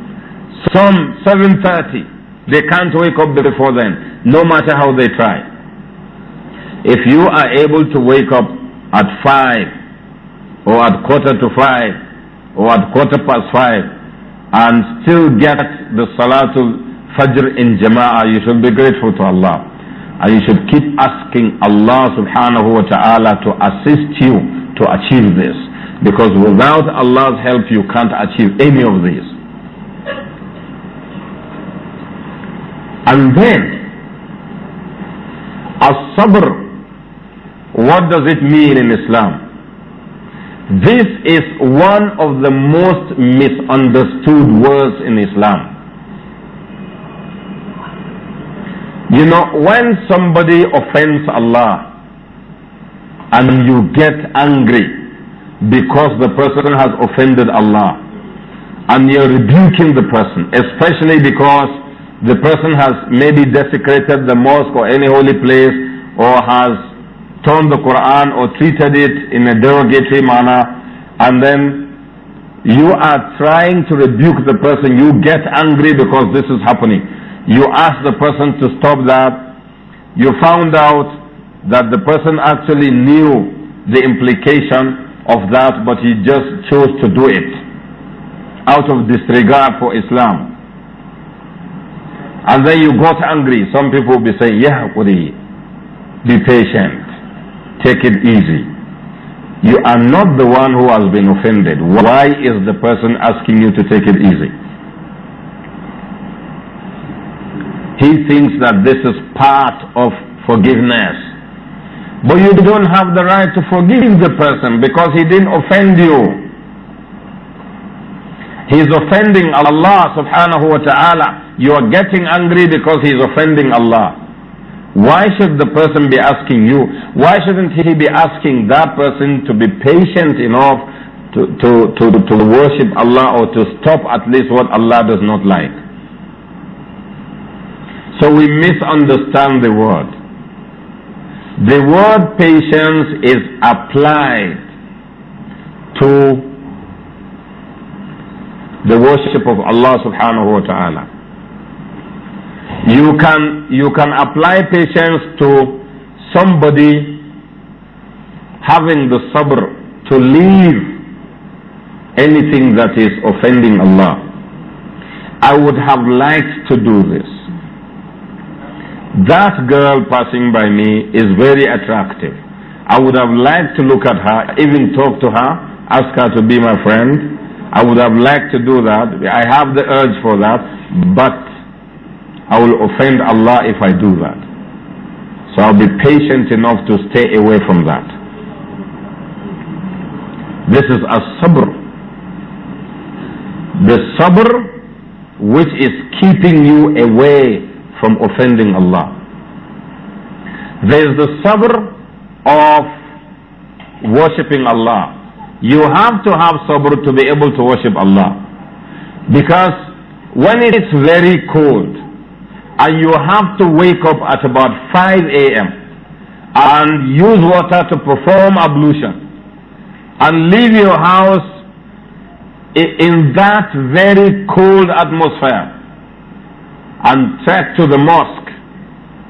A: Some 7.30. They can't wake up before then, no matter how they try. If you are able to wake up at 5 or at quarter to 5 or at quarter past 5 and still get the Salatul Fajr in Jama'ah, you should be grateful to Allah. And you should keep asking Allah subhanahu wa ta'ala to assist you to achieve this. Because without Allah's help, you can't achieve any of these. And then, as-sabr, what does it mean in Islam? This is one of the most misunderstood words in Islam. You know, when somebody offends Allah and you get angry because the person has offended Allah and you're rebuking the person, especially because the person has maybe desecrated the mosque or any holy place or has torn the Quran or treated it in a derogatory manner, and then you are trying to rebuke the person, you get angry because this is happening. You ask the person to stop that. You found out that the person actually knew the implication of that, but he just chose to do it out of disregard for Islam. And then you got angry. Some people will be saying, Yeah, be patient. Take it easy. You are not the one who has been offended. Why is the person asking you to take it easy? He thinks that this is part of forgiveness. But you don't have the right to forgive the person because he didn't offend you. He's offending Allah subhanahu wa ta'ala. You are getting angry because he's offending Allah. Why should the person be asking you? Why shouldn't he be asking that person to be patient enough to, to, to, to worship Allah or to stop at least what Allah does not like? So we misunderstand the word. The word patience is applied to the worship of Allah subhanahu wa ta'ala. You can, you can apply patience to somebody having the sabr to leave anything that is offending Allah. I would have liked to do this. That girl passing by me is very attractive. I would have liked to look at her, even talk to her, ask her to be my friend. I would have liked to do that. I have the urge for that, but I will offend Allah if I do that. So I'll be patient enough to stay away from that. This is a sabr. The sabr which is keeping you away from offending Allah. There is the sabr of worshipping Allah. You have to have sabr to be able to worship Allah. Because when it's very cold, and you have to wake up at about 5 a.m. and use water to perform ablution and leave your house in that very cold atmosphere and trek to the mosque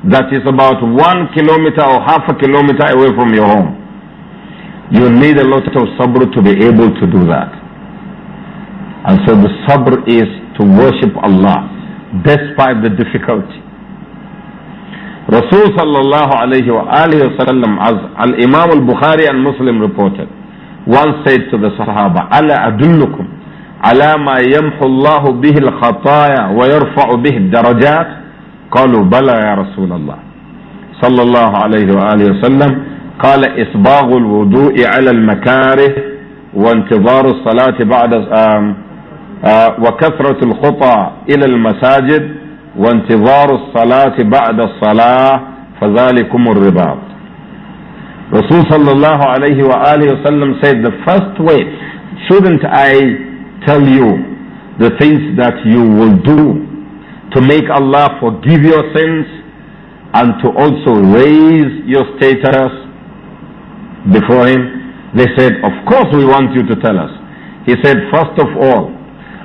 A: that is about one kilometer or half a kilometer away from your home. You need a lot of sabr to be able to do that. And so the sabr is to worship Allah despite the difficulty. Rasul sallallahu alayhi wasallam, as al Imam al Bukhari and Muslim reported, once said to the Sahaba, Ala adullukum, ala ma yamhu Allahu bihi al khataya wa yarfa'u bihi darajat. قالوا بلى يا رسول الله صلى الله عليه وآله وسلم قال إصباغ الوضوء على المكاره وانتظار الصلاة بعد وكثرة الخطى إلى المساجد وانتظار الصلاة بعد الصلاة فذلكم الرباط Rasul sallallahu alayhi wa alayhi wa said the first way shouldn't I tell you the things that you will do to make Allah forgive your sins and to also raise your status before him they said of course we want you to tell us he said first of all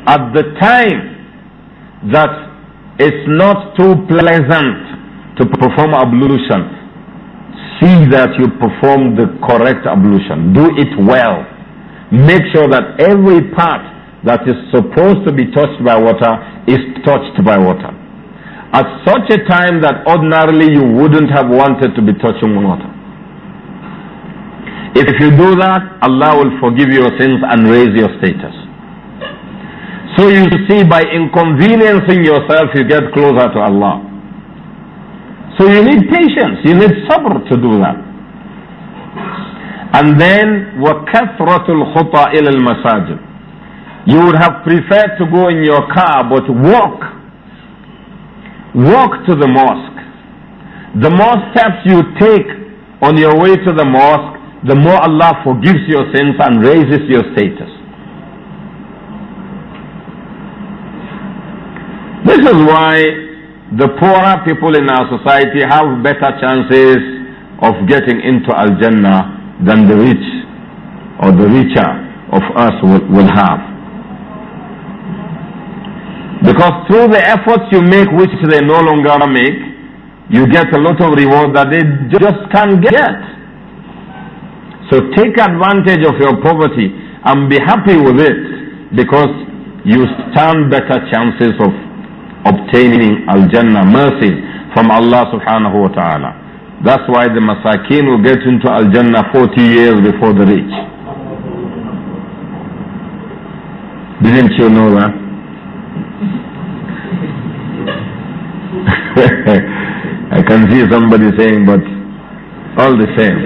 A: at the time that it's not too pleasant to perform ablution, see that you perform the correct ablution. Do it well. Make sure that every part that is supposed to be touched by water is touched by water. At such a time that ordinarily you wouldn't have wanted to be touching water. If you do that, Allah will forgive your sins and raise your status. So you see, by inconveniencing yourself, you get closer to Allah. So you need patience, you need sabr to do that. And then, وَكَثْرَةُ الْخُطَى إِلَى الْمَسَاجِدِ You would have preferred to go in your car, but walk. Walk to the mosque. The more steps you take on your way to the mosque, the more Allah forgives your sins and raises your status. This is why the poorer people in our society have better chances of getting into Al Jannah than the rich or the richer of us will, will have. Because through the efforts you make, which they no longer make, you get a lot of reward that they just can't get. So take advantage of your poverty and be happy with it because you stand better chances of obtaining Al-Jannah, mercy from Allah subhanahu wa ta'ala. That's why the masakin will get into Al-Jannah 40 years before the rich. Didn't you know that? I can see somebody saying, but all the same,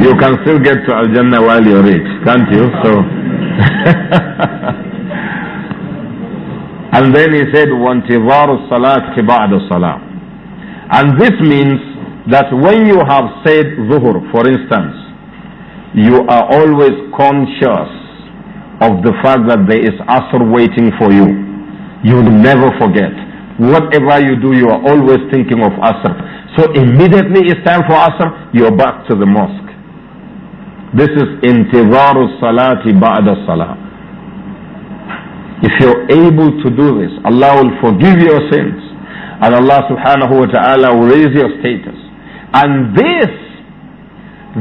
A: you can still get to Al-Jannah while you're rich, can't you? So. And then he said, وَانْتِظَارُ الصَّلَاةِ بَعْدَ الصَّلَاةِ And this means that when you have said zuhur, for instance, you are always conscious of the fact that there is asr waiting for you. You'll never forget. Whatever you do, you are always thinking of asr. So immediately it's time for asr, you're back to the mosque. This is intivaru salat ba'da salam. If you're able to do this, Allah will forgive your sins and Allah subhanahu wa ta'ala will raise your status. And this,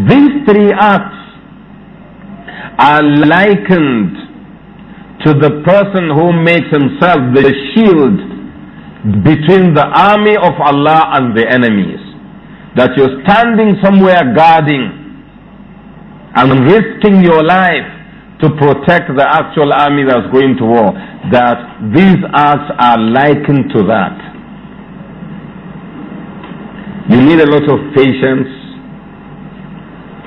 A: these three acts are likened to the person who makes himself the shield between the army of Allah and the enemies. That you're standing somewhere guarding and risking your life to protect the actual army that's going to war, that these acts are likened to that. You need a lot of patience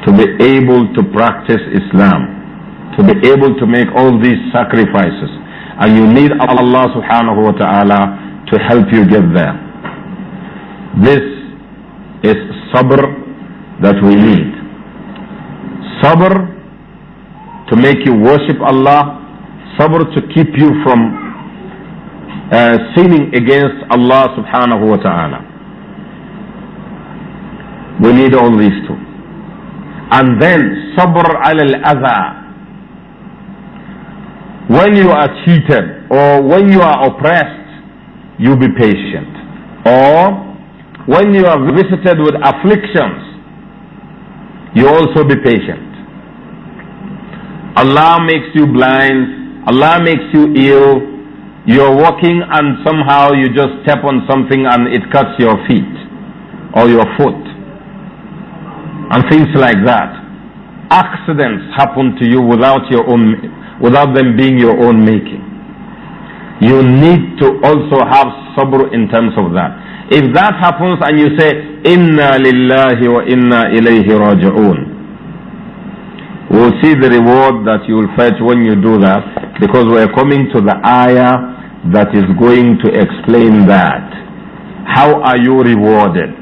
A: to be able to practice Islam, to be able to make all these sacrifices. And you need Allah subhanahu wa ta'ala to help you get there. This is sabr that we need. Sabr to make you worship Allah, sabr to keep you from uh, sinning against Allah subhanahu wa ta'ala. We need all these two. And then sabr al adha. When you are cheated or when you are oppressed, you be patient. Or when you are visited with afflictions, you also be patient. Allah makes you blind, Allah makes you ill, you're walking and somehow you just step on something and it cuts your feet or your foot and things like that. Accidents happen to you without your own, without them being your own making. You need to also have sabr in terms of that. If that happens and you say, Inna lillahi wa inna ilayhi rajaun." We'll see the reward that you will fetch when you do that because we're coming to the ayah that is going to explain that. How are you rewarded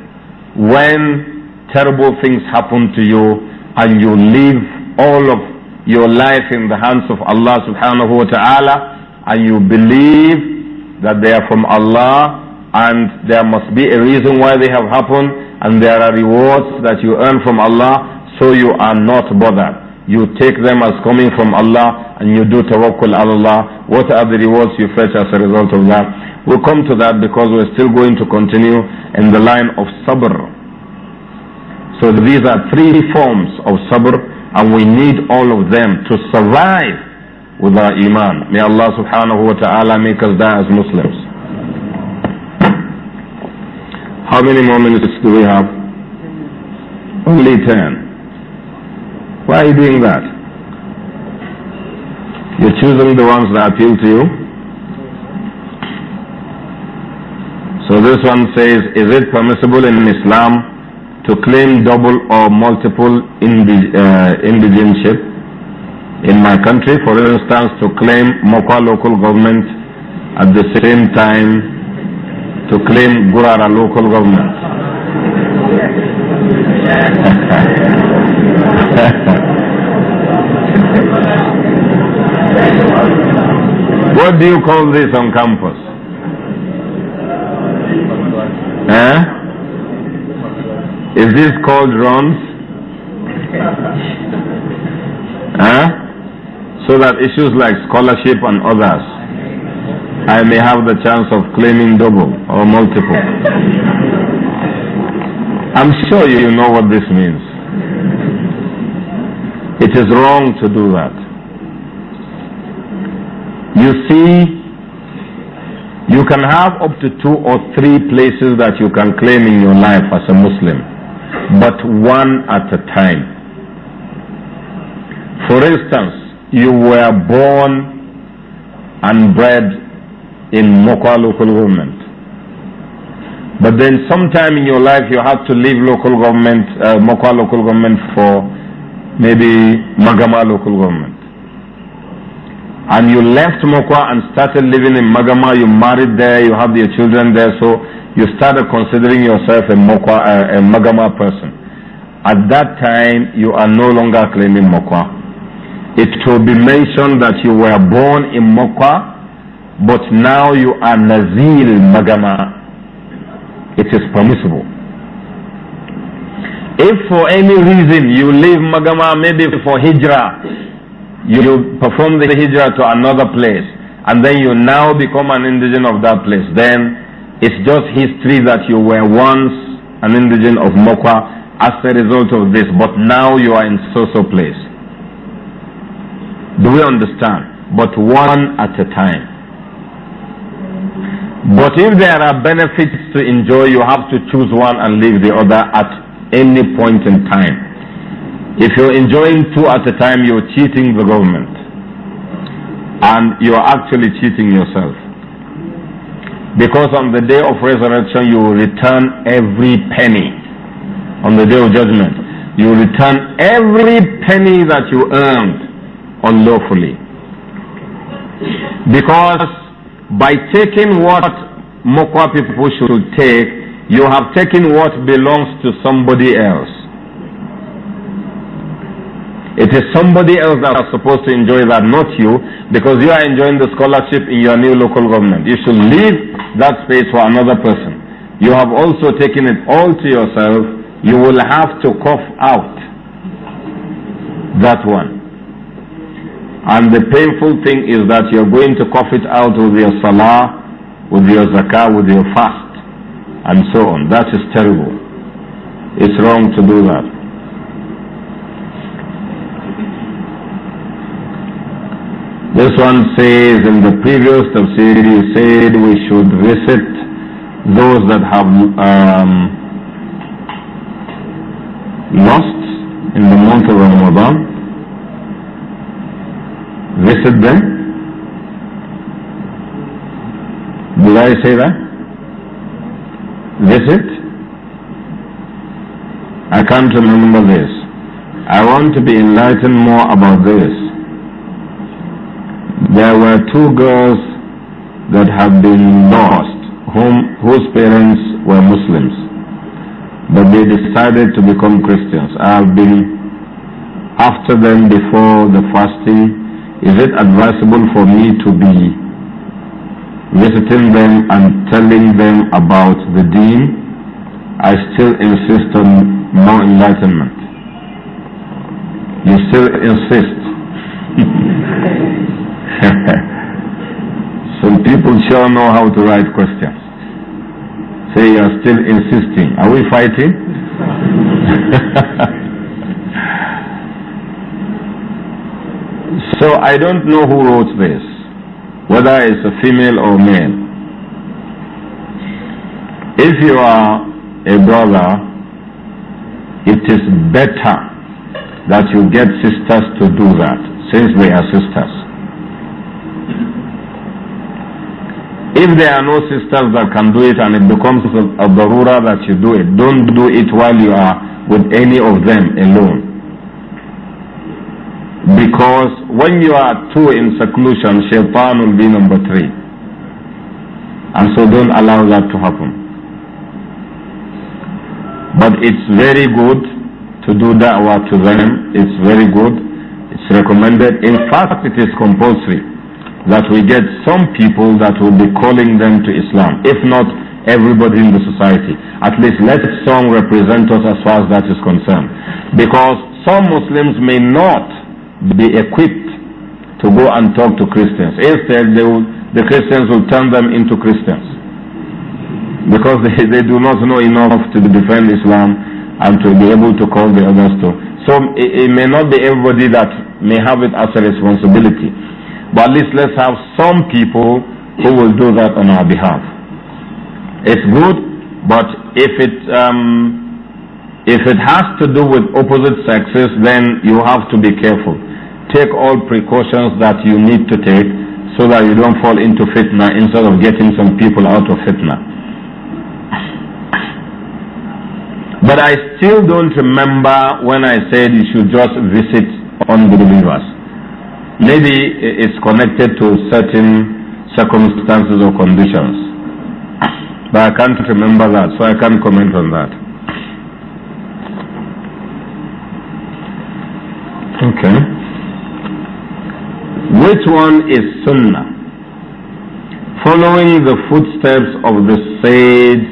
A: when terrible things happen to you and you live all of your life in the hands of Allah subhanahu wa ta'ala and you believe that they are from Allah and there must be a reason why they have happened and there are rewards that you earn from Allah so you are not bothered you take them as coming from Allah and you do tawakkul Allah. What are the rewards you fetch as a result of that? We'll come to that because we're still going to continue in the line of sabr. So these are three forms of sabr and we need all of them to survive with our iman. May Allah subhanahu wa ta'ala make us die as Muslims. How many more minutes do we have? Only ten. Why are you doing that? You're choosing the ones that appeal to you. So this one says, is it permissible in Islam to claim double or multiple indig uh, indigenship? In my country, for instance, to claim Mokwa local government at the same time to claim Gurara local government. What do you call this on campus? Huh? Eh? Is this called runs? Huh? Eh? So that issues like scholarship and others, I may have the chance of claiming double or multiple. I'm sure you know what this means. It is wrong to do that. You see, you can have up to two or three places that you can claim in your life as a Muslim, but one at a time. For instance, you were born and bred in Mokwa local government. But then sometime in your life you had to leave local government, uh, local government for maybe Magama local government and you left Mokwa and started living in Magama, you married there, you have your children there, so you started considering yourself a Mokwa, a, a Magama person. At that time, you are no longer claiming Mokwa. It will be mentioned that you were born in Mokwa, but now you are Nazil Magama. It is permissible. If for any reason you leave Magama, maybe for Hijrah, you perform the hijrah to another place and then you now become an indigent of that place, then it's just history that you were once an indigent of Mokwa as a result of this, but now you are in so-so place. Do we understand? But one at a time. But if there are benefits to enjoy, you have to choose one and leave the other at any point in time. If you're enjoying two at a time, you're cheating the government. And you're actually cheating yourself. Because on the day of resurrection, you will return every penny. On the day of judgment, you will return every penny that you earned unlawfully. Because by taking what Mokwa people should take, you have taken what belongs to somebody else. It is somebody else that is supposed to enjoy that, not you, because you are enjoying the scholarship in your new local government. You should leave that space for another person. You have also taken it all to yourself. You will have to cough out that one. And the painful thing is that you're going to cough it out with your salah, with your zakah, with your fast, and so on. That is terrible. It's wrong to do that. This one says, in the previous tafsir, you said we should visit those that have um, lost in the month of Ramadan. Visit them. Did I say that? Visit? I can't remember this. I want to be enlightened more about this there were two girls that had been lost whom, whose parents were Muslims, but they decided to become Christians. I have been after them before the fasting. Is it advisable for me to be visiting them and telling them about the deen? I still insist on more enlightenment. You still insist. Some people sure know how to write questions. Say you are still insisting. Are we fighting? so I don't know who wrote this, whether it's a female or male. If you are a brother, it is better that you get sisters to do that, since they are sisters. If there are no sisters that can do it and it becomes a barura that you do it, don't do it while you are with any of them alone. Because when you are two in seclusion, shaitan will be number three. And so don't allow that to happen. But it's very good to do da'wah to them. It's very good. It's recommended. In fact, it is compulsory that we get some people that will be calling them to Islam. If not, everybody in the society. At least let some represent us as far as that is concerned. Because some Muslims may not be equipped to go and talk to Christians. Instead, will, the Christians will turn them into Christians. Because they, they do not know enough to defend Islam and to be able to call the others to. So it, it may not be everybody that may have it as a responsibility. But at least let's have some people who will do that on our behalf. It's good, but if it um, if it has to do with opposite sexes, then you have to be careful. Take all precautions that you need to take so that you don't fall into fitna instead of getting some people out of fitna. But I still don't remember when I said you should just visit unbelievers. Maybe it's connected to certain circumstances or conditions. But I can't remember that, so I can't comment on that. Okay. Which one is Sunnah? Following the footsteps of the sage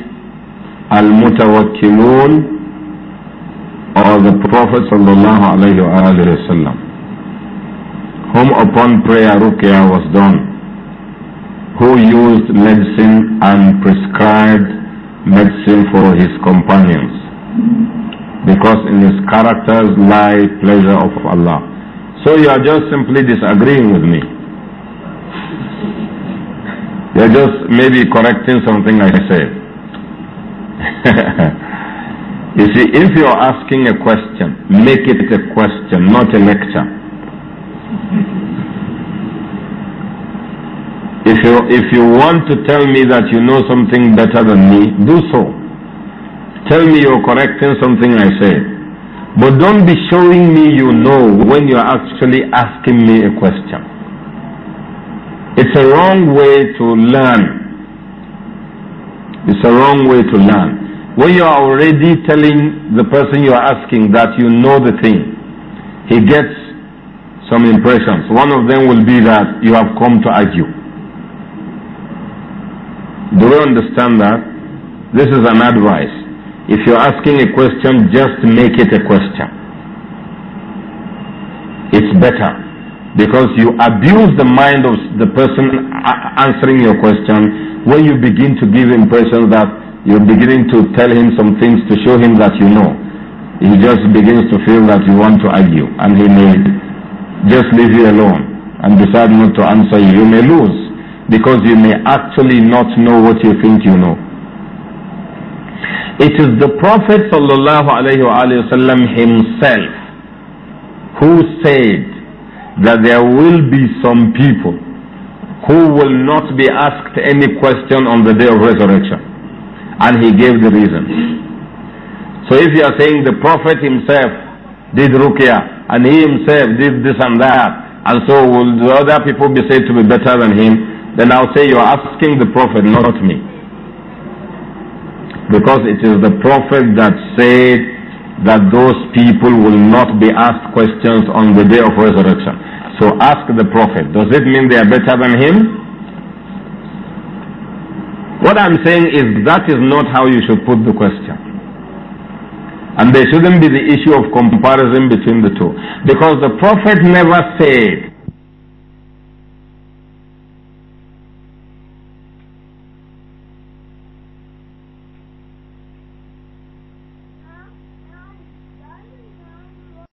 A: Al-Mutawakkilun or the Prophet sallallahu alayhi wa whom upon prayer rukia was done, who used medicine and prescribed medicine for his companions, because in his characters lie pleasure of Allah. So you are just simply disagreeing with me. You are just maybe correcting something I said. you see, if you are asking a question, make it a question, not a lecture. If you, if you want to tell me that you know something better than me, do so. Tell me you're correcting something I said. But don't be showing me you know when you're actually asking me a question. It's a wrong way to learn. It's a wrong way to learn. When you are already telling the person you are asking that you know the thing, he gets some impressions. One of them will be that you have come to argue. Do you understand that? This is an advice. If you're asking a question, just make it a question. It's better because you abuse the mind of the person answering your question when you begin to give impressions that you're beginning to tell him some things to show him that you know. He just begins to feel that you want to argue and he may just leave you alone and decide not to answer you, you may lose because you may actually not know what you think you know. It is the Prophet ﷺ himself who said that there will be some people who will not be asked any question on the day of resurrection. And he gave the reason. So if you are saying the Prophet himself did ruqyah, and he himself did this and that, and so will the other people be said to be better than him, then I'll say you're asking the Prophet, not me. Because it is the Prophet that said that those people will not be asked questions on the day of resurrection. So ask the Prophet, does it mean they are better than him? What I'm saying is that is not how you should put the question. And there shouldn't be the issue of comparison between the two. Because the Prophet never said